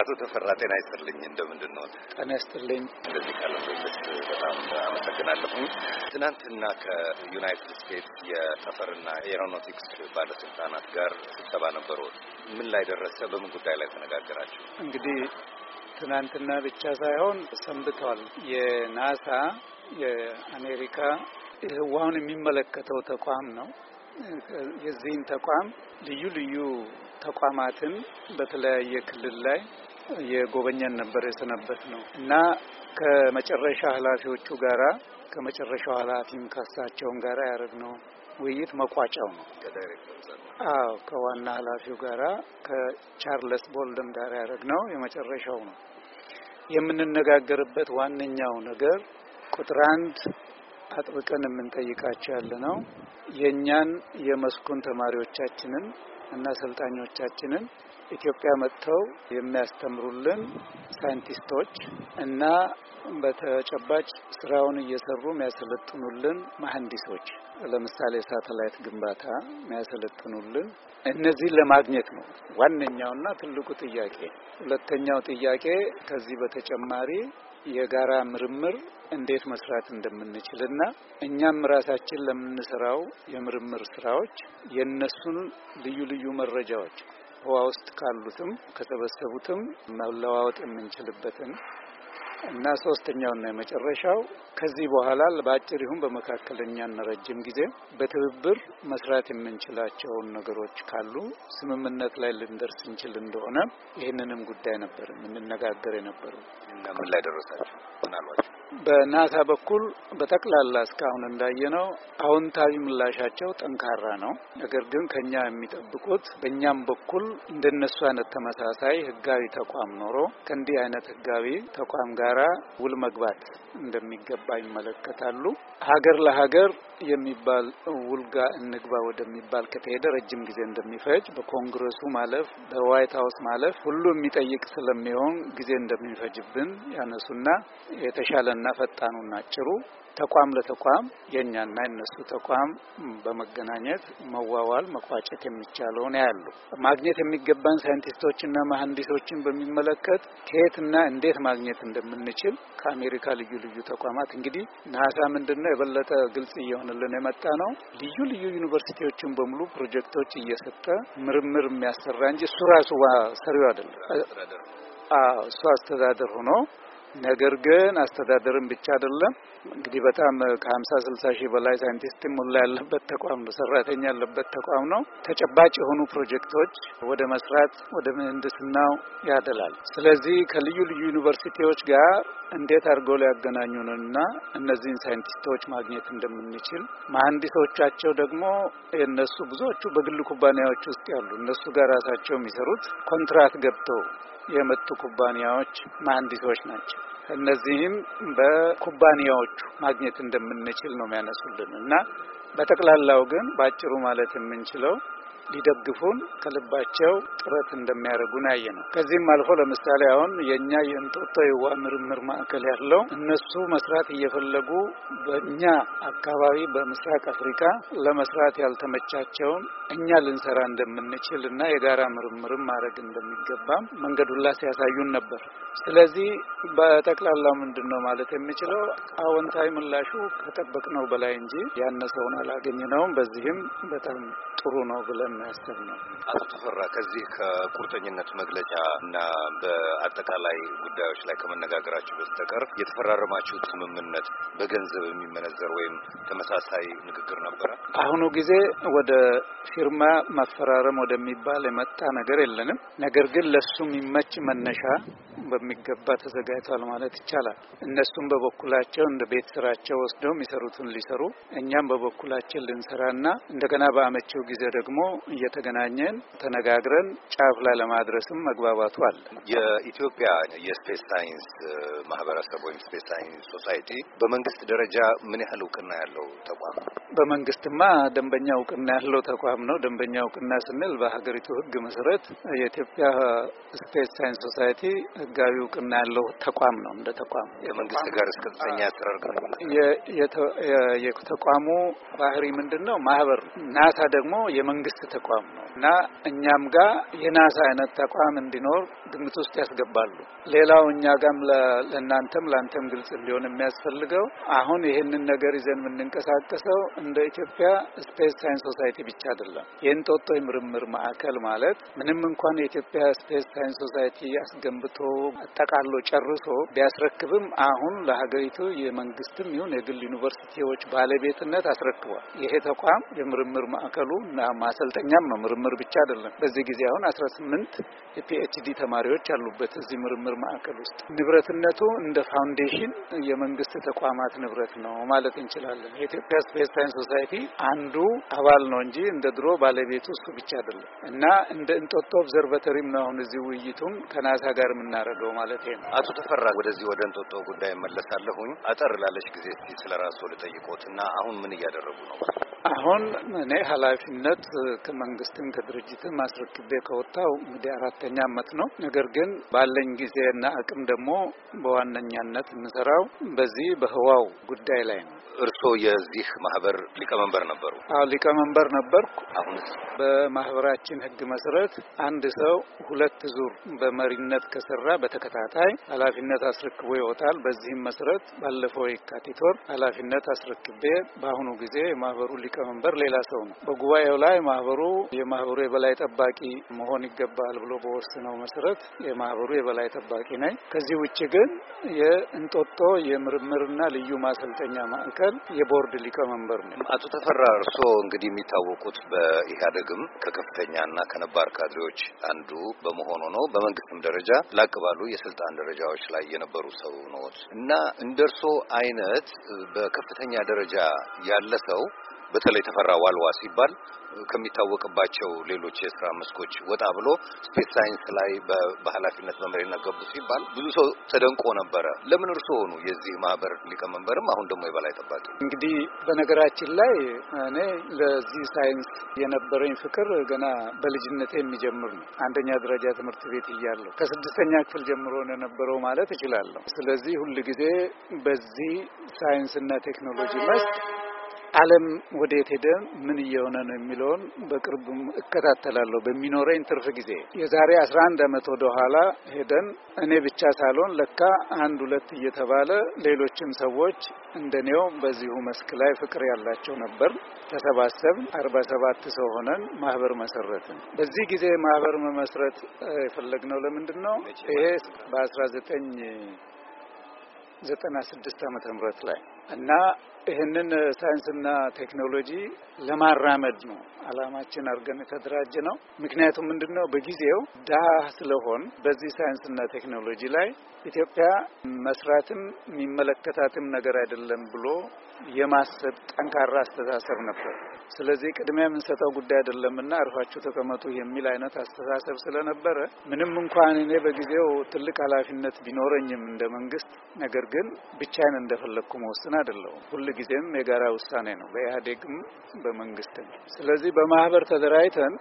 አቶ ተፈራ ጤና ይስጥልኝ። እንደምንድን ነው? ጤና ይስጥልኝ። እንደዚህ ካለ በጣም አመሰግናለሁ። ትናንትና ከዩናይትድ ስቴትስ የጠፈርና ኤሮኖቲክስ ባለስልጣናት ጋር ስብሰባ ነበረ። ምን ላይ ደረሰ? በምን ጉዳይ ላይ ተነጋገራችሁ? እንግዲህ ትናንትና ብቻ ሳይሆን ሰንብተዋል። የናሳ የአሜሪካ ህዋውን የሚመለከተው ተቋም ነው የዚህን ተቋም ልዩ ልዩ ተቋማትን በተለያየ ክልል ላይ የጎበኘን ነበር የሰነበት ነው እና ከመጨረሻ ኃላፊዎቹ ጋራ ከመጨረሻው ኃላፊም ከሳቸውን ጋራ ያደረግነው ውይይት መቋጫው ነው። አዎ ከዋና ኃላፊው ጋራ ከቻርለስ ቦልደም ጋር ያደረግነው የመጨረሻው ነው። የምንነጋገርበት ዋነኛው ነገር ቁጥር አንድ አጥብቀን የምንጠይቃቸው ያለ ነው። የእኛን የመስኩን ተማሪዎቻችንን እና አሰልጣኞቻችንን ኢትዮጵያ መጥተው የሚያስተምሩልን ሳይንቲስቶች እና በተጨባጭ ስራውን እየሰሩ የሚያሰለጥኑልን መሀንዲሶች ለምሳሌ ሳተላይት ግንባታ የሚያሰለጥኑልን እነዚህን ለማግኘት ነው ዋነኛውና ትልቁ ጥያቄ። ሁለተኛው ጥያቄ ከዚህ በተጨማሪ የጋራ ምርምር እንዴት መስራት እንደምንችልና እኛም ራሳችን ለምንሰራው የምርምር ስራዎች የእነሱን ልዩ ልዩ መረጃዎች ህዋ ውስጥ ካሉትም ከሰበሰቡትም መለዋወጥ የምንችልበትን እና ሶስተኛውና የመጨረሻው ከዚህ በኋላ በአጭር ይሁን በመካከለኛና ረጅም ጊዜ በትብብር መስራት የምንችላቸውን ነገሮች ካሉ ስምምነት ላይ ልንደርስ እንችል እንደሆነ ይህንንም ጉዳይ ነበር የምንነጋገር የነበረው። ምን ላይ ደረሳችሁ? ምናልባቸው በናሳ በኩል በጠቅላላ እስካሁን እንዳየነው አዎንታዊ ምላሻቸው ጠንካራ ነው። ነገር ግን ከኛ የሚጠብቁት በእኛም በኩል እንደነሱ አይነት ተመሳሳይ ህጋዊ ተቋም ኖሮ ከእንዲህ አይነት ህጋዊ ተቋም ጋራ ውል መግባት እንደሚገባ ይመለከታሉ። ሀገር ለሀገር የሚባል ውልጋ እንግባ ወደሚባል ከተሄደ ረጅም ጊዜ እንደሚፈጅ በኮንግረሱ ማለፍ በዋይት ሀውስ ማለፍ ሁሉ የሚጠይቅ ስለሚሆን ጊዜ እንደሚፈጅብን ያነሱና የተሻለና ፈጣኑና አጭሩ ተቋም ለተቋም የእኛና የነሱ ተቋም በመገናኘት መዋዋል መቋጨት የሚቻለውን ያሉ ማግኘት የሚገባን ሳይንቲስቶችና መሀንዲሶችን በሚመለከት ከየትና እንዴት ማግኘት እንደምንችል ከአሜሪካ ልዩ ልዩ ተቋማት እንግዲህ ናሳ ምንድነው የበለጠ ግልጽ እየሆነልን የመጣ ነው። ልዩ ልዩ ዩኒቨርሲቲዎችን በሙሉ ፕሮጀክቶች እየሰጠ ምርምር የሚያሰራ እንጂ እሱ ራሱ ሰሪው አይደለም። እሱ አስተዳደር ሆኖ ነገር ግን አስተዳደርም ብቻ አይደለም እንግዲህ በጣም ከሀምሳ ስልሳ ሺህ በላይ ሳይንቲስት ሙላ ያለበት ተቋም ነው። ሰራተኛ ያለበት ተቋም ነው። ተጨባጭ የሆኑ ፕሮጀክቶች ወደ መስራት ወደ ምህንድስናው ያደላል። ስለዚህ ከልዩ ልዩ ዩኒቨርሲቲዎች ጋር እንዴት አድርገው ሊያገናኙን እነዚህን ሳይንቲስቶች ማግኘት እንደምንችል መሀንዲሶቻቸው ደግሞ የነሱ ብዙዎቹ በግል ኩባንያዎች ውስጥ ያሉ እነሱ ጋር ራሳቸው የሚሰሩት ኮንትራት ገብተው የመጡ ኩባንያዎች ማንዲቶች ናቸው። እነዚህም በኩባንያዎቹ ማግኘት እንደምንችል ነው የሚያነሱልን እና በጠቅላላው ግን በአጭሩ ማለት የምንችለው ሊደግፉን ከልባቸው ጥረት እንደሚያደርጉን ያየ ነው። ከዚህም አልፎ ለምሳሌ አሁን የእኛ የእንጦጦ የዋ ምርምር ማዕከል ያለው እነሱ መስራት እየፈለጉ በእኛ አካባቢ በምስራቅ አፍሪካ ለመስራት ያልተመቻቸውን እኛ ልንሰራ እንደምንችል እና የጋራ ምርምርም ማድረግ እንደሚገባም መንገዱላ ሲያሳዩን ነበር። ስለዚህ በጠቅላላ ምንድን ነው ማለት የምችለው አዎንታዊ ምላሹ ከጠበቅነው በላይ እንጂ ያነሰውን አላገኘነውም። በዚህም በጣም ጥሩ ነው ብለን በማሰብ ነው። አቶ ተፈራ ከዚህ ከቁርጠኝነት መግለጫ እና በአጠቃላይ ጉዳዮች ላይ ከመነጋገራችሁ በስተቀር የተፈራረማችሁት ስምምነት በገንዘብ የሚመነዘር ወይም ተመሳሳይ ንግግር ነበረ? አሁኑ ጊዜ ወደ ፊርማ ማፈራረም ወደሚባል የመጣ ነገር የለንም። ነገር ግን ለሱ የሚመች መነሻ በሚገባ ተዘጋጅቷል ማለት ይቻላል። እነሱም በበኩላቸው እንደ ቤት ስራቸው ወስደው የሚሰሩትን ሊሰሩ፣ እኛም በበኩላችን ልንሰራና እንደገና በአመቺው ጊዜ ደግሞ እየተገናኘን ተነጋግረን ጫፍ ላይ ለማድረስም መግባባቱ አለ። የኢትዮጵያ የስፔስ ሳይንስ ማህበረሰብ ወይም ስፔስ ሳይንስ ሶሳይቲ በመንግስት ደረጃ ምን ያህል እውቅና ያለው ተቋም ነው? በመንግስትማ ደንበኛ እውቅና ያለው ተቋም ነው። ደንበኛ እውቅና ስንል በሀገሪቱ ህግ መሰረት የኢትዮጵያ ስፔስ ሳይንስ ሶሳይቲ ህጋዊ እውቅና ያለው ተቋም ነው። እንደ ተቋም ከመንግስት ጋር እስከተኛ ያሰራር የተቋሙ ባህሪ ምንድን ነው? ማህበር ናሳ ደግሞ የመንግስት ተቋም ነው እና እኛም ጋር የናሳ አይነት ተቋም እንዲኖር ግምት ውስጥ ያስገባሉ። ሌላው እኛ ጋም ለእናንተም ለአንተም ግልጽ እንዲሆን የሚያስፈልገው አሁን ይህንን ነገር ይዘን የምንንቀሳቀሰው እንደ ኢትዮጵያ ስፔስ ሳይንስ ሶሳይቲ ብቻ አይደለም። የእንጦጦ የምርምር ማዕከል ማለት ምንም እንኳን የኢትዮጵያ ስፔስ ሳይንስ ሶሳይቲ አስገንብቶ አጠቃሎ ጨርሶ ቢያስረክብም አሁን ለሀገሪቱ የመንግስትም ይሁን የግል ዩኒቨርሲቲዎች ባለቤትነት አስረክቧል። ይሄ ተቋም የምርምር ማዕከሉ እና ማሰልጠ ሁለተኛም ነው ምርምር ብቻ አይደለም። በዚህ ጊዜ አሁን አስራ ስምንት የፒኤችዲ ተማሪዎች ያሉበት እዚህ ምርምር ማዕከል ውስጥ ንብረትነቱ እንደ ፋውንዴሽን የመንግስት ተቋማት ንብረት ነው ማለት እንችላለን። የኢትዮጵያ ስፔስ ሳይንስ ሶሳይቲ አንዱ አባል ነው እንጂ እንደ ድሮ ባለቤቱ እሱ ብቻ አይደለም እና እንደ እንጦጦ ኦብዘርቫተሪም ነው አሁን እዚህ ውይይቱም ከናሳ ጋር የምናደርገው ማለት ነው። አቶ ተፈራ ወደዚህ ወደ እንጦጦ ጉዳይ መለሳለሁኝ። አጠር ላለች ጊዜ ስለ ራሱ ልጠይቆት እና አሁን ምን እያደረጉ ነው? አሁን እኔ ኃላፊነት መንግስትም ከድርጅትም አስረክቤ ከወጣው እንግዲህ አራተኛ አመት ነው። ነገር ግን ባለኝ ጊዜና አቅም ደግሞ በዋነኛነት የምሰራው በዚህ በህዋው ጉዳይ ላይ ነው። እርስዎ የዚህ ማህበር ሊቀመንበር ነበሩ? አዎ ሊቀመንበር ነበርኩ። አሁን በማህበራችን ህግ መሰረት አንድ ሰው ሁለት ዙር በመሪነት ከሰራ በተከታታይ ኃላፊነት አስረክቦ ይወጣል። በዚህም መሰረት ባለፈው የካቲት ወር ኃላፊነት አስረክቤ በአሁኑ ጊዜ የማህበሩ ሊቀመንበር ሌላ ሰው ነው። በጉባኤው ላይ ማህበሩ ማህበሩ የማህበሩ የበላይ ጠባቂ መሆን ይገባል ብሎ በወስነው መሰረት የማህበሩ የበላይ ጠባቂ ነኝ። ከዚህ ውጭ ግን የእንጦጦ የምርምርና ልዩ ማሰልጠኛ ማዕከል የቦርድ ሊቀመንበር ነው። አቶ ተፈራ እርስዎ እንግዲህ የሚታወቁት በኢህአዴግም ከከፍተኛና ከነባር ካድሬዎች አንዱ በመሆኑ ነው። በመንግስትም ደረጃ ላቅ ባሉ የስልጣን ደረጃዎች ላይ የነበሩ ሰው ነዎት እና እንደ እርስዎ አይነት በከፍተኛ ደረጃ ያለ ሰው በተለይ ተፈራ ዋልዋ ሲባል ከሚታወቅባቸው ሌሎች የስራ መስኮች ወጣ ብሎ ስፔስ ሳይንስ ላይ በኃላፊነት በመሪነት ገቡ ሲባል ብዙ ሰው ተደንቆ ነበረ። ለምን እርስዎ ሆኑ የዚህ ማህበር ሊቀመንበርም አሁን ደግሞ የበላይ ጠባቂ? እንግዲህ በነገራችን ላይ እኔ ለዚህ ሳይንስ የነበረኝ ፍቅር ገና በልጅነት የሚጀምር ነው። አንደኛ ደረጃ ትምህርት ቤት እያለሁ ከስድስተኛ ክፍል ጀምሮ ነው የነበረው ማለት እችላለሁ። ስለዚህ ሁል ጊዜ በዚህ ሳይንስና ቴክኖሎጂ መስክ ዓለም ወዴት ሄደ፣ ምን እየሆነ ነው የሚለውን በቅርብም እከታተላለሁ በሚኖረኝ ትርፍ ጊዜ። የዛሬ አስራ አንድ አመት ወደ ኋላ ሄደን እኔ ብቻ ሳልሆን ለካ አንድ ሁለት እየተባለ ሌሎችም ሰዎች እንደኔው በዚሁ መስክ ላይ ፍቅር ያላቸው ነበር። ተሰባሰብ አርባ ሰባት ሰው ሆነን ማህበር መሰረትን። በዚህ ጊዜ ማህበር መመስረት የፈለግነው ለምንድን ነው? ይሄ በአስራ ዘጠኝ ዘጠና ስድስት አመተ ምህረት ላይ እና ይህንን ሳይንስና ቴክኖሎጂ ለማራመድ ነው አላማችን አድርገን የተደራጀ ነው። ምክንያቱም ምንድን ነው በጊዜው ድሀ ስለሆን በዚህ ሳይንስና ቴክኖሎጂ ላይ ኢትዮጵያ መስራትም የሚመለከታትም ነገር አይደለም ብሎ የማሰብ ጠንካራ አስተሳሰብ ነበር። ስለዚህ ቅድሚያ የምንሰጠው ጉዳይ አይደለምና አርፋችሁ ተቀመጡ የሚል አይነት አስተሳሰብ ስለነበረ ምንም እንኳን እኔ በጊዜው ትልቅ ኃላፊነት ቢኖረኝም እንደ መንግስት፣ ነገር ግን ብቻዬን እንደፈለግኩ መወስን አይደለሁም። ሁል ጊዜም የጋራ ውሳኔ ነው፣ በኢህአዴግም በመንግስትም። ስለዚህ በማህበር ተደራጅተን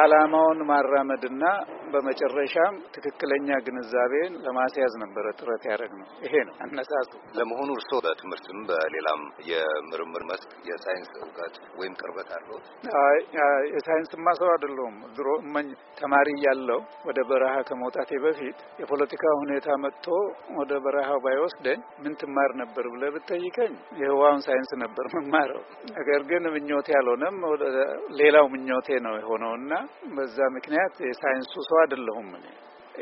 አላማውን ማራመድና በመጨረሻም ትክክለኛ ግንዛቤን ለማስያዝ ነበረ ጥረት ያደረግነው። ይሄ ነው አነሳሱ። ለመሆኑ እርስዎ በትምህርትም በሌላም የምርምር መስክ የሳይንስ እውቀት ወይም ቅርበት አለው? የሳይንስ ማሰብ አይደለሁም። ድሮ እመኝ ተማሪ ያለው ወደ በረሃ ከመውጣቴ በፊት የፖለቲካ ሁኔታ መጥቶ ወደ በረሃው ባይወስደኝ ምን ትማር ነበር ብለህ ብትጠይቀኝ የህዋውን ሳይንስ ነበር መማረው። ነገር ግን ምኞቴ አልሆነም። ሌላው ምኞቴ ነው የሆነውና በዛ ምክንያት የሳይንሱ ሰው አይደለሁም እኔ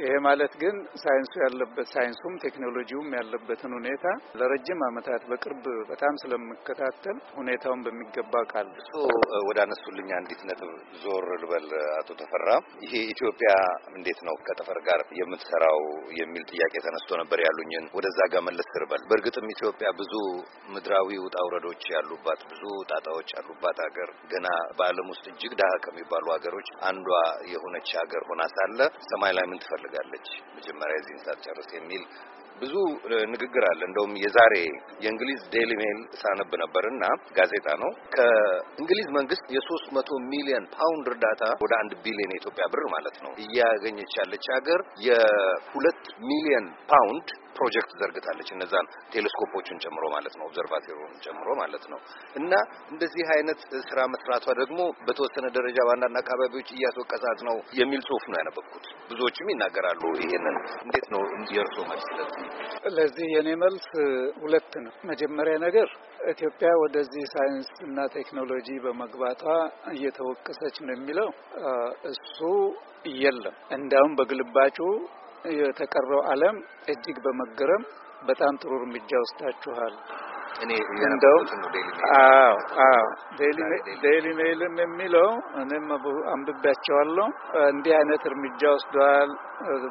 ይሄ ማለት ግን ሳይንሱ ያለበት ሳይንሱም ቴክኖሎጂውም ያለበትን ሁኔታ ለረጅም ዓመታት በቅርብ በጣም ስለምከታተል ሁኔታውን በሚገባ ቃል ወደ አነሱልኝ አንዲት ነጥብ ዞር ልበል። አቶ ተፈራ ይሄ ኢትዮጵያ እንዴት ነው ከጠፈር ጋር የምትሰራው የሚል ጥያቄ ተነስቶ ነበር ያሉኝን ወደዛ ጋር መለስ ልበል። በእርግጥም ኢትዮጵያ ብዙ ምድራዊ ውጣ ውረዶች ያሉባት፣ ብዙ ጣጣዎች ያሉባት ሀገር ገና በዓለም ውስጥ እጅግ ድሃ ከሚባሉ ሀገሮች አንዷ የሆነች ሀገር ሆና ሳለ ሰማይ ላይ ምን ትፈልጋለች መጀመሪያ የዚህን ሳትጨርስ የሚል ብዙ ንግግር አለ። እንደውም የዛሬ የእንግሊዝ ዴይሊ ሜል ሳነብ ነበር እና ጋዜጣ ነው ከእንግሊዝ መንግስት የሶስት መቶ ሚሊዮን ፓውንድ እርዳታ ወደ አንድ ቢሊዮን የኢትዮጵያ ብር ማለት ነው እያገኘች ያለች ሀገር የሁለት ሚሊዮን ፓውንድ ፕሮጀክት ዘርግታለች። እነዛን ቴሌስኮፖቹን ጨምሮ ማለት ነው፣ ኦብዘርቫቶሪውን ጨምሮ ማለት ነው። እና እንደዚህ አይነት ስራ መስራቷ ደግሞ በተወሰነ ደረጃ በአንዳንድ አካባቢዎች እያስወቀሳት ነው የሚል ጽሁፍ ነው ያነበብኩት። ብዙዎችም ይናገራሉ ይሄንን። እንዴት ነው የእርሶ መልስ ለዚህ? ለዚህ የኔ መልስ ሁለት ነው። መጀመሪያ ነገር ኢትዮጵያ ወደዚህ ሳይንስ እና ቴክኖሎጂ በመግባቷ እየተወቀሰች ነው የሚለው እሱ የለም። እንዳውም በግልባጩ የተቀረው ዓለም እጅግ በመገረም በጣም ጥሩ እርምጃ ወስዳችኋል። እንደው አዎ ዴይሊ ሜይልም የሚለው እኔም አንብቤያቸዋለሁ። እንዲህ አይነት እርምጃ ወስደዋል፣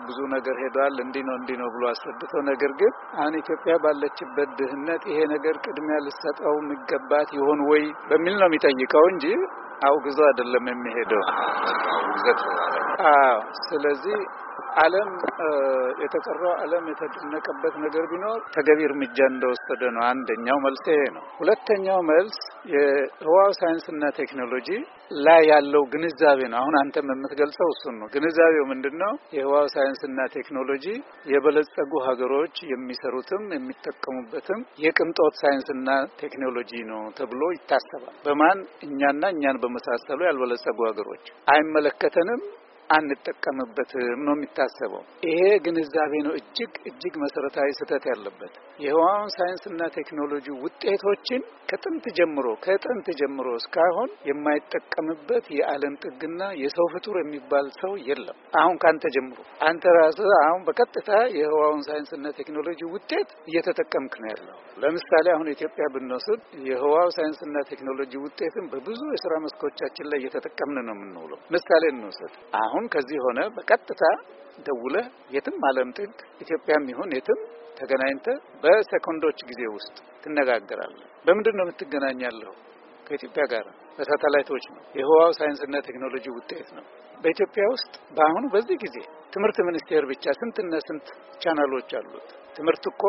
ብዙ ነገር ሄዷል፣ እንዲህ ነው እንዲህ ነው ብሎ አስረድተው፣ ነገር ግን አሁን ኢትዮጵያ ባለችበት ድህነት ይሄ ነገር ቅድሚያ ልሰጠው የሚገባት ይሆን ወይ በሚል ነው የሚጠይቀው እንጂ አውግዞ አይደለም የሚሄደው። አዎ። ስለዚህ ዓለም የተቀረው ዓለም የተደነቀበት ነገር ቢኖር ተገቢ እርምጃ እንደወሰደ ነው። አንደኛው መልስ ይሄ ነው። ሁለተኛው መልስ የህዋው ሳይንስና ቴክኖሎጂ ላይ ያለው ግንዛቤ ነው። አሁን አንተም የምትገልጸው እሱን ነው። ግንዛቤው ምንድን ነው? የህዋ ሳይንስና ቴክኖሎጂ የበለጸጉ ሀገሮች የሚሰሩትም የሚጠቀሙበትም የቅንጦት ሳይንስና ቴክኖሎጂ ነው ተብሎ ይታሰባል። በማን እኛና እኛን በመሳሰሉ ያልበለጸጉ ሀገሮች አይመለከተንም አንጠቀምበትም ነው የሚታሰበው። ይሄ ግንዛቤ ነው እጅግ እጅግ መሰረታዊ ስህተት ያለበት። የህዋውን ሳይንስና ቴክኖሎጂ ውጤቶችን ከጥንት ጀምሮ ከጥንት ጀምሮ እስካሁን የማይጠቀምበት የዓለም ጥግና የሰው ፍጡር የሚባል ሰው የለም። አሁን ከአንተ ጀምሮ አንተ ራስህ አሁን በቀጥታ የህዋውን ሳይንስና ቴክኖሎጂ ውጤት እየተጠቀምክ ነው ያለው። ለምሳሌ አሁን ኢትዮጵያ ብንወስድ የህዋው ሳይንስና ቴክኖሎጂ ውጤትን በብዙ የስራ መስኮቻችን ላይ እየተጠቀምን ነው የምንውለው። ምሳሌ እንወስድ አሁን አሁን ከዚህ ሆነ በቀጥታ ደውለህ የትም ዓለም ጥግ ኢትዮጵያም ይሁን የትም ተገናኝተ በሰኮንዶች ጊዜ ውስጥ ትነጋገራለህ። በምንድን ነው የምትገናኛለሁ? ከኢትዮጵያ ጋር በሳተላይቶች ነው። የህዋው ሳይንስና ቴክኖሎጂ ውጤት ነው። በኢትዮጵያ ውስጥ በአሁኑ በዚህ ጊዜ ትምህርት ሚኒስቴር ብቻ ስንትና ስንት ቻናሎች አሉት። ትምህርት እኮ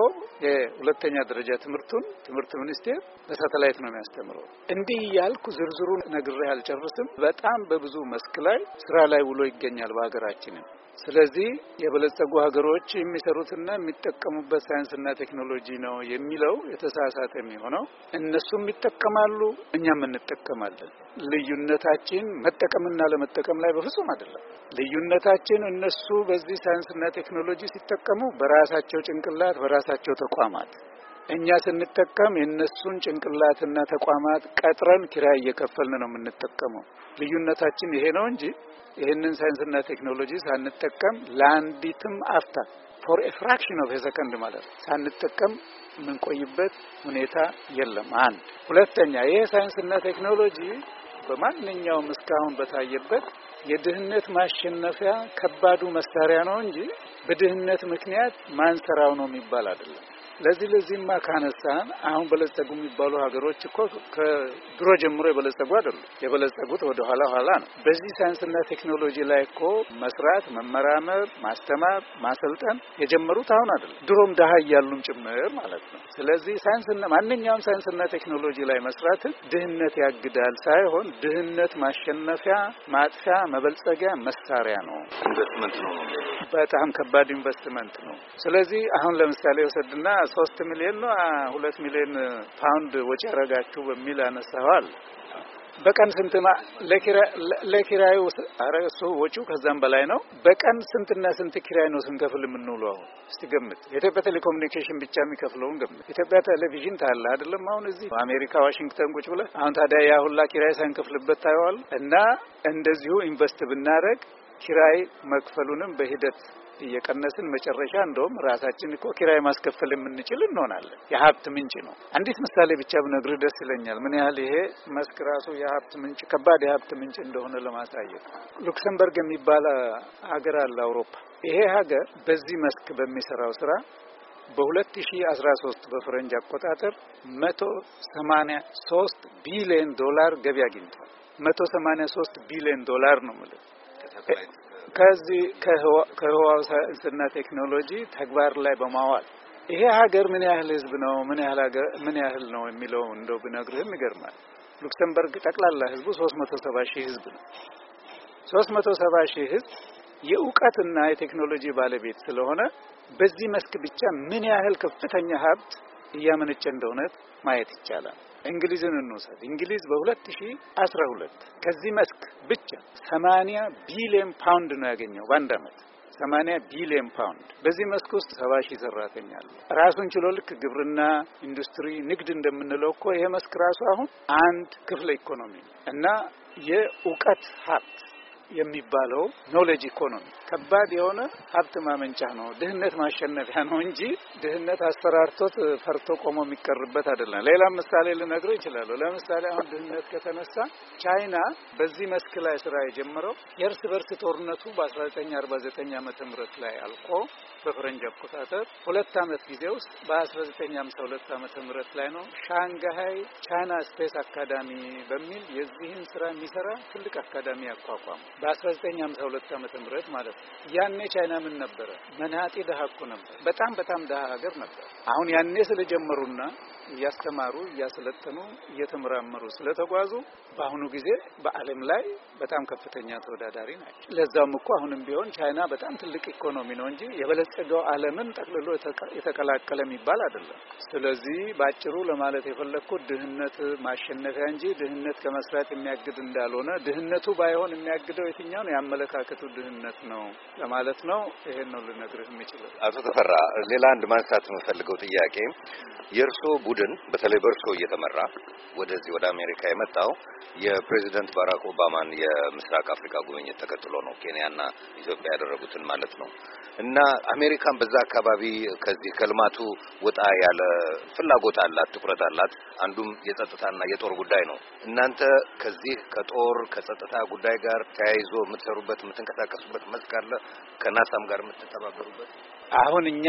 የሁለተኛ ደረጃ ትምህርቱን ትምህርት ሚኒስቴር በሳተላይት ነው የሚያስተምረው። እንዲህ እያልኩ ዝርዝሩን ነግሬ አልጨርስም። በጣም በብዙ መስክ ላይ ስራ ላይ ውሎ ይገኛል በሀገራችንም ስለዚህ የበለጸጉ ሀገሮች የሚሰሩትና የሚጠቀሙበት ሳይንስና ቴክኖሎጂ ነው የሚለው የተሳሳተ የሚሆነው። እነሱም ይጠቀማሉ፣ እኛም እንጠቀማለን። ልዩነታችን መጠቀምና ለመጠቀም ላይ በፍጹም አይደለም። ልዩነታችን እነሱ በዚህ ሳይንስና ቴክኖሎጂ ሲጠቀሙ በራሳቸው ጭንቅላት በራሳቸው ተቋማት እኛ ስንጠቀም የእነሱን ጭንቅላትና ተቋማት ቀጥረን ኪራይ እየከፈልን ነው የምንጠቀመው። ልዩነታችን ይሄ ነው እንጂ ይህንን ሳይንስና ቴክኖሎጂ ሳንጠቀም ለአንዲትም አፍታ ፎር ኤ ፍራክሽን ኦፍ ሰከንድ ማለት ሳንጠቀም የምንቆይበት ሁኔታ የለም። አንድ ሁለተኛ፣ ይሄ ሳይንስና ቴክኖሎጂ በማንኛውም እስካሁን በታየበት የድህነት ማሸነፊያ ከባዱ መሳሪያ ነው እንጂ በድህነት ምክንያት ማንሰራው ነው የሚባል አይደለም። ለዚህ ለዚህማ ካነሳን አሁን በለጸጉ የሚባሉ ሀገሮች እኮ ከድሮ ጀምሮ የበለጸጉ አይደሉ። የበለጸጉት ወደ ኋላ ኋላ ነው። በዚህ ሳይንስና ቴክኖሎጂ ላይ እኮ መስራት፣ መመራመር፣ ማስተማር፣ ማሰልጠን የጀመሩት አሁን አይደለም፣ ድሮም ድሀ እያሉም ጭምር ማለት ነው። ስለዚህ ሳይንስና ማንኛውም ሳይንስና ቴክኖሎጂ ላይ መስራትን ድህነት ያግዳል ሳይሆን ድህነት ማሸነፊያ፣ ማጥፊያ፣ መበልጸጊያ መሳሪያ ነው። ኢንቨስትመንት ነው፣ በጣም ከባድ ኢንቨስትመንት ነው። ስለዚህ አሁን ለምሳሌ ወሰድና ሶስት ሚሊዮን ነው ሁለት ሚሊዮን ፓውንድ ወጪ ያደረጋችሁ በሚል አነሳዋል። በቀን ስንት ለኪራዩ? ኧረ እሱ ወጪው ከዛም በላይ ነው። በቀን ስንትና ስንት ኪራይ ነው ስንከፍል የምንውለው? አሁን እስቲ ገምት። የኢትዮጵያ ቴሌኮሙኒኬሽን ብቻ የሚከፍለውን ገምት። ኢትዮጵያ ቴሌቪዥን ታለ አይደለም? አሁን እዚህ አሜሪካ ዋሽንግተን ቁጭ ብለ አሁን ታዲያ ያ ሁላ ኪራይ ሳንከፍልበት ታየዋል። እና እንደዚሁ ኢንቨስት ብናደርግ ኪራይ መክፈሉንም በሂደት እየቀነስን መጨረሻ እንደውም ራሳችን እኮ ኪራይ ማስከፈል የምንችል እንሆናለን። የሀብት ምንጭ ነው። አንዲት ምሳሌ ብቻ ብነግርህ ደስ ይለኛል። ምን ያህል ይሄ መስክ ራሱ የሀብት ምንጭ ከባድ የሀብት ምንጭ እንደሆነ ለማሳየት ሉክሰምበርግ የሚባል ሀገር አለ አውሮፓ። ይሄ ሀገር በዚህ መስክ በሚሰራው ስራ በ2013 በፈረንጅ አቆጣጠር 183 ቢሊዮን ዶላር ገቢ አግኝቷል። 183 ቢሊዮን ዶላር ነው የምልህ ከዚህ ከህዋው ሳይንስና ቴክኖሎጂ ተግባር ላይ በማዋል ይሄ ሀገር ምን ያህል ህዝብ ነው ምን ያህል ምን ያህል ነው የሚለው እንደው ብነግርህም ይገርማል። ሉክሰምበርግ ጠቅላላ ህዝቡ 370 ሺህ ህዝብ ነው። 370 ሺህ ህዝብ የእውቀትና የቴክኖሎጂ ባለቤት ስለሆነ በዚህ መስክ ብቻ ምን ያህል ከፍተኛ ሀብት እያመነጨ እንደሆነ ማየት ይቻላል። እንግሊዝን እንውሰድ። እንግሊዝ በ2012 ከዚህ መስክ ብቻ 80 ቢሊዮን ፓውንድ ነው ያገኘው በአንድ አመት 80 ቢሊዮን ፓውንድ። በዚህ መስክ ውስጥ ሰባ ሺህ ሰራተኛ አለ። ራሱን ችሎ ልክ ግብርና፣ ኢንዱስትሪ፣ ንግድ እንደምንለው እኮ ይሄ መስክ ራሱ አሁን አንድ ክፍለ ኢኮኖሚ ነው እና የእውቀት ሀብት የሚባለው ኖሌጅ ኢኮኖሚ ከባድ የሆነ ሀብት ማመንጫ ነው። ድህነት ማሸነፊያ ነው እንጂ ድህነት አስፈራርቶት ፈርቶ ቆሞ የሚቀርበት አይደለም። ሌላም ምሳሌ ልነግረው ይችላሉ። ለምሳሌ አሁን ድህነት ከተነሳ ቻይና በዚህ መስክ ላይ ስራ የጀመረው የእርስ በርስ ጦርነቱ በ1949 ዓመተ ምህረት ላይ አልቆ በፈረንጅ አቆጣጠር ሁለት ዓመት ጊዜ ውስጥ በ1952 ዓመተ ምህረት ላይ ነው ሻንጋሃይ ቻይና ስፔስ አካዳሚ በሚል የዚህን ስራ የሚሰራ ትልቅ አካዳሚ ያቋቋሙ በ1952 ዓመተ ምህረት ማለት ነው። ያኔ ቻይና ምን ነበረ? መናጢ ድሀ እኮ ነበር። በጣም በጣም ደሃ ሀገር ነበር። አሁን ያኔ ስለጀመሩና እያስተማሩ እያሰለጠኑ እየተመራመሩ ስለተጓዙ በአሁኑ ጊዜ በዓለም ላይ በጣም ከፍተኛ ተወዳዳሪ ናቸው። ለዛውም እኮ አሁንም ቢሆን ቻይና በጣም ትልቅ ኢኮኖሚ ነው እንጂ የበለጸገው ዓለምን ጠቅልሎ የተቀላቀለ የሚባል አይደለም። ስለዚህ በአጭሩ ለማለት የፈለግኩት ድህነት ማሸነፊያ እንጂ ድህነት ከመስራት የሚያግድ እንዳልሆነ፣ ድህነቱ ባይሆን የሚያግደው ነው? ያመለካከቱ ድህነት ነው ለማለት ነው። ይሄን ነው ልነግርህ የምችለው። አቶ ተፈራ፣ ሌላ አንድ ማንሳት የምፈልገው ጥያቄ የእርስዎ ቡድን በተለይ በእርሶ እየተመራ ወደዚህ ወደ አሜሪካ የመጣው የፕሬዚደንት ባራክ ኦባማን የምስራቅ አፍሪካ ጉብኝት ተከትሎ ነው። ኬንያና ኢትዮጵያ ያደረጉትን ማለት ነው። እና አሜሪካን በዛ አካባቢ ከዚህ ከልማቱ ወጣ ያለ ፍላጎት አላት፣ ትኩረት አላት። አንዱም የጸጥታና የጦር ጉዳይ ነው። እናንተ ከዚህ ከጦር ከጸጥታ ጉዳይ ጋር ተያይዞ የምትሰሩበት የምትንቀሳቀሱበት መስክ አለ ከናሳም ጋር የምትተባበሩበት አሁን እኛ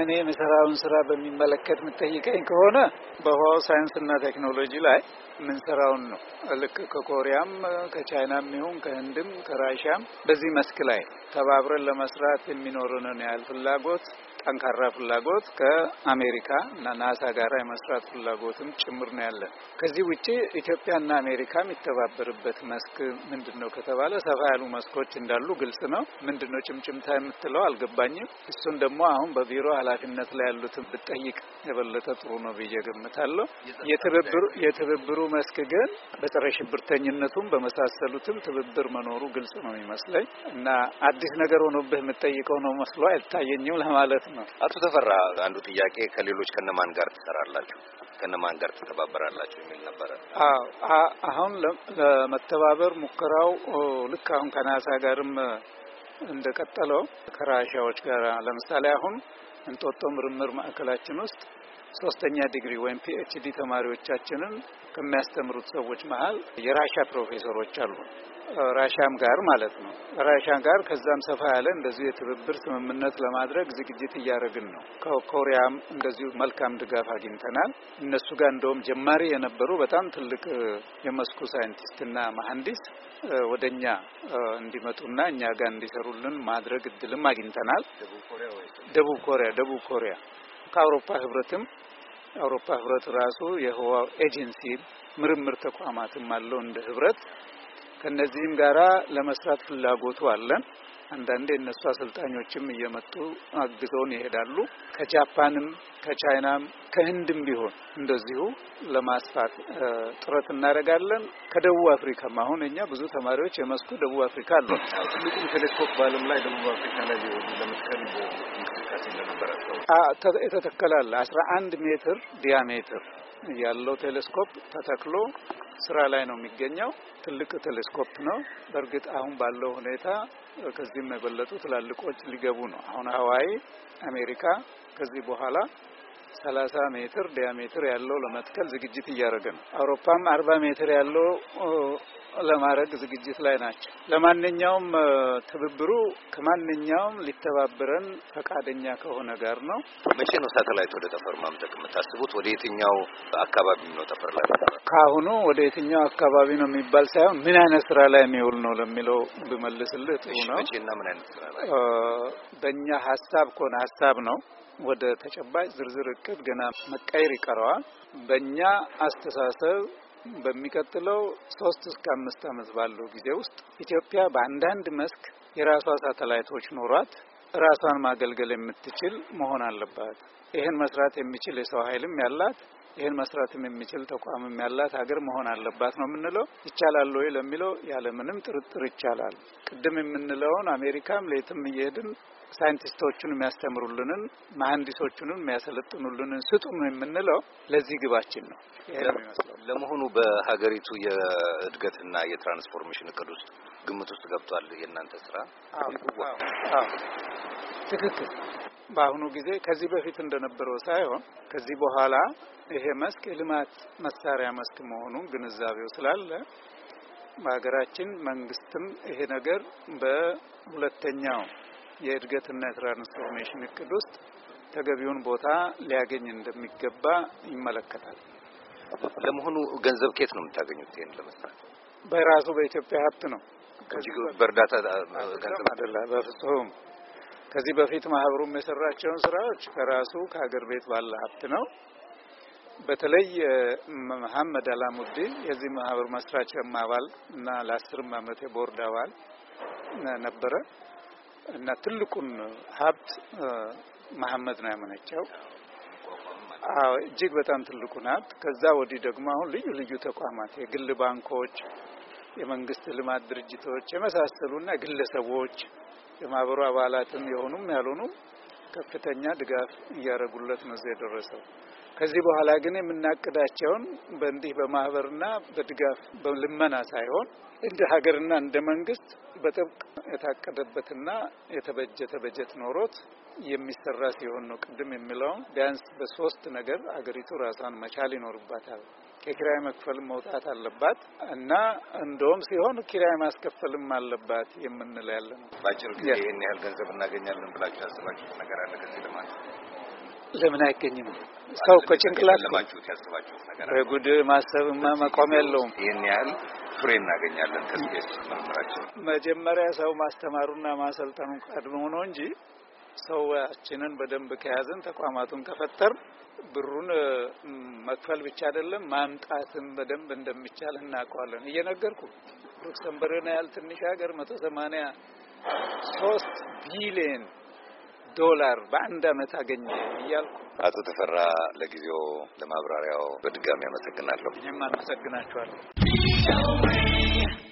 እኔ ምሰራውን ስራ በሚመለከት የምጠይቀኝ ከሆነ በውሃው ሳይንስና ቴክኖሎጂ ላይ ምንሰራውን ነው። ልክ ከኮሪያም ከቻይናም ይሁን ከህንድም ከራሻም በዚህ መስክ ላይ ተባብረን ለመስራት የሚኖርንን ያህል ፍላጎት ጠንካራ ፍላጎት ከአሜሪካ እና ናሳ ጋር የመስራት ፍላጎትም ጭምር ነው ያለን። ከዚህ ውጭ ኢትዮጵያና አሜሪካ የሚተባበርበት መስክ ምንድን ነው ከተባለ ሰፋ ያሉ መስኮች እንዳሉ ግልጽ ነው። ምንድን ነው ጭምጭምታ የምትለው አልገባኝም። እሱን ደግሞ አሁን በቢሮ ኃላፊነት ላይ ያሉትን ብጠይቅ የበለጠ ጥሩ ነው ብዬ ገምታለሁ። የትብብሩ መስክ ግን በጸረ ሽብርተኝነቱም በመሳሰሉትም ትብብር መኖሩ ግልጽ ነው ይመስለኝ እና አዲስ ነገር ሆኖብህ የምጠይቀው ነው መስሎ አይታየኝም ለማለት ነው። አቶ ተፈራ አንዱ ጥያቄ ከሌሎች ከነማን ጋር ትሰራላችሁ፣ ከነማን ጋር ትተባበራላችሁ የሚል ነበረ። አሁን ለመተባበር ሙከራው ልክ አሁን ከናሳ ጋርም እንደቀጠለው ከራሻዎች ጋር ለምሳሌ አሁን እንጦጦ ምርምር ማዕከላችን ውስጥ ሶስተኛ ዲግሪ ወይም ፒኤችዲ ተማሪዎቻችንን ከሚያስተምሩት ሰዎች መሀል የራሻ ፕሮፌሰሮች አሉ። ራሻም ጋር ማለት ነው። ራሻ ጋር ከዛም ሰፋ ያለ እንደዚሁ የትብብር ስምምነት ለማድረግ ዝግጅት እያደረግን ነው። ከኮሪያም እንደዚሁ መልካም ድጋፍ አግኝተናል። እነሱ ጋር እንደውም ጀማሪ የነበሩ በጣም ትልቅ የመስኩ ሳይንቲስትና መሐንዲስ ወደ እኛ እንዲመጡና እኛ ጋር እንዲሰሩልን ማድረግ እድልም አግኝተናል። ደቡብ ኮሪያ ደቡብ ኮሪያ ከአውሮፓ ህብረትም አውሮፓ ህብረት ራሱ የህዋው ኤጀንሲ ምርምር ተቋማትም አለው እንደ ህብረት ከነዚህም ጋራ ለመስራት ፍላጎቱ አለን። አንዳንዴ እነሱ አሰልጣኞችም እየመጡ አግዘውን ይሄዳሉ። ከጃፓንም ከቻይናም ከህንድም ቢሆን እንደዚሁ ለማስፋት ጥረት እናደርጋለን። ከደቡብ አፍሪካም አሁን እኛ ብዙ ተማሪዎች የመስኩ ደቡብ አፍሪካ አሉ። ትልቁም ቴሌስኮፕ በዓለም ላይ ደቡብ አፍሪካ ላይ ለመትከል እንቅስቃሴ የተተከላለ አስራ አንድ ሜትር ዲያሜትር ያለው ቴሌስኮፕ ተተክሎ ስራ ላይ ነው የሚገኘው። ትልቅ ቴሌስኮፕ ነው። በእርግጥ አሁን ባለው ሁኔታ ከዚህም የበለጡ ትላልቆች ሊገቡ ነው። አሁን ሀዋይ አሜሪካ ከዚህ በኋላ ሰላሳ ሜትር ዲያሜትር ያለው ለመትከል ዝግጅት እያደረገ ነው። አውሮፓም አርባ ሜትር ያለው ለማድረግ ዝግጅት ላይ ናቸው። ለማንኛውም ትብብሩ ከማንኛውም ሊተባበረን ፈቃደኛ ከሆነ ጋር ነው። መቼ ነው ሳተላይት ወደ ጠፈር ማምጠቅ የምታስቡት? ወደ የትኛው አካባቢ ነው ጠፈር ላይ? ከአሁኑ ወደ የትኛው አካባቢ ነው የሚባል ሳይሆን ምን አይነት ስራ ላይ የሚውል ነው ለሚለው ብመልስልህ ጥሩ ነው። መቼና ምን አይነት ስራ ላይ በእኛ ሀሳብ ከሆነ ሀሳብ ነው ወደ ተጨባጭ ዝርዝር እቅድ ገና መቀየር ይቀረዋል። በእኛ አስተሳሰብ በሚቀጥለው ሶስት እስከ አምስት ዓመት ባለው ጊዜ ውስጥ ኢትዮጵያ በአንዳንድ መስክ የራሷ ሳተላይቶች ኖሯት ራሷን ማገልገል የምትችል መሆን አለባት። ይህን መስራት የሚችል የሰው ኃይልም ያላት ይህን መስራትም የሚችል ተቋምም ያላት ሀገር መሆን አለባት ነው የምንለው። ይቻላል ወይ ለሚለው ያለምንም ጥርጥር ይቻላል። ቅድም የምንለውን አሜሪካም ለየትም እየሄድን ሳይንቲስቶቹን የሚያስተምሩልንን መሀንዲሶቹንም የሚያሰለጥኑልንን ስጡን የምንለው ለዚህ ግባችን ነው። ለመሆኑ በሀገሪቱ የእድገትና የትራንስፎርሜሽን እቅድ ውስጥ ግምት ውስጥ ገብቷል የእናንተ ስራ? ትክክል። በአሁኑ ጊዜ ከዚህ በፊት እንደነበረው ሳይሆን ከዚህ በኋላ ይሄ መስክ የልማት መሳሪያ መስክ መሆኑን ግንዛቤው ስላለ በሀገራችን መንግስትም ይሄ ነገር በሁለተኛው የእድገትና የትራንስፎርሜሽን እቅድ ውስጥ ተገቢውን ቦታ ሊያገኝ እንደሚገባ ይመለከታል። ለመሆኑ ገንዘብ ከየት ነው የምታገኙት? ይህን ለመስራት በራሱ በኢትዮጵያ ሀብት ነው፣ በእርዳታ ገንዘብ አደለ? በፍጹም። ከዚህ በፊት ማህበሩም የሰራቸውን ስራዎች ከራሱ ከሀገር ቤት ባለ ሀብት ነው። በተለይ መሐመድ አላሙዲን የዚህ ማህበር መስራችም አባል እና ለአስርም ዓመት የቦርድ አባል ነበረ። እና ትልቁን ሀብት መሐመድ ነው ያመነጨው። አዎ እጅግ በጣም ትልቁ ናት። ከዛ ወዲህ ደግሞ አሁን ልዩ ልዩ ተቋማት፣ የግል ባንኮች፣ የመንግስት ልማት ድርጅቶች የመሳሰሉና ግለሰቦች የማህበሩ አባላትም የሆኑም ያልሆኑም ከፍተኛ ድጋፍ እያደረጉለት ነው እዚህ የደረሰው። ከዚህ በኋላ ግን የምናቅዳቸውን በእንዲህ በማህበርና በድጋፍ በልመና ሳይሆን እንደ ሀገርና እንደ መንግስት በጥብቅ የታቀደበትና የተበጀተ በጀት ኖሮት የሚሰራ ሲሆን ነው። ቅድም የሚለውን ቢያንስ በሶስት ነገር አገሪቱ ራሷን መቻል ይኖርባታል። ከኪራይ መክፈል መውጣት አለባት እና እንደውም ሲሆን ኪራይ ማስከፈልም አለባት የምንል ያለ ነው። በአጭር ጊዜ ይህን ያህል ገንዘብ እናገኛለን ብላችሁ ያስባችሁት ነገር አለ ከዚህ ልማት ለምን አይገኝም? ሰው እኮ ጭንቅላት በጉድ ማሰብማ መቆም የለውም። ይህን ያህል ፍሬ እናገኛለን መጀመሪያ ሰው ማስተማሩና ማሰልጠኑ ቀድሞ ነው እንጂ ሰዋችንን በደንብ ከያዝን ተቋማቱን ከፈጠር ብሩን መክፈል ብቻ አይደለም ማምጣትም በደንብ እንደሚቻል እናውቀዋለን። እየነገርኩ ሉክሰምበርግን ያህል ትንሽ ሀገር መቶ ሰማንያ ሶስት ቢሊየን ዶላር በአንድ አመት አገኘ እያልኩ አቶ ተፈራ ለጊዜው ለማብራሪያው በድጋሚ አመሰግናለሁ። እኔም አመሰግናችኋለሁ።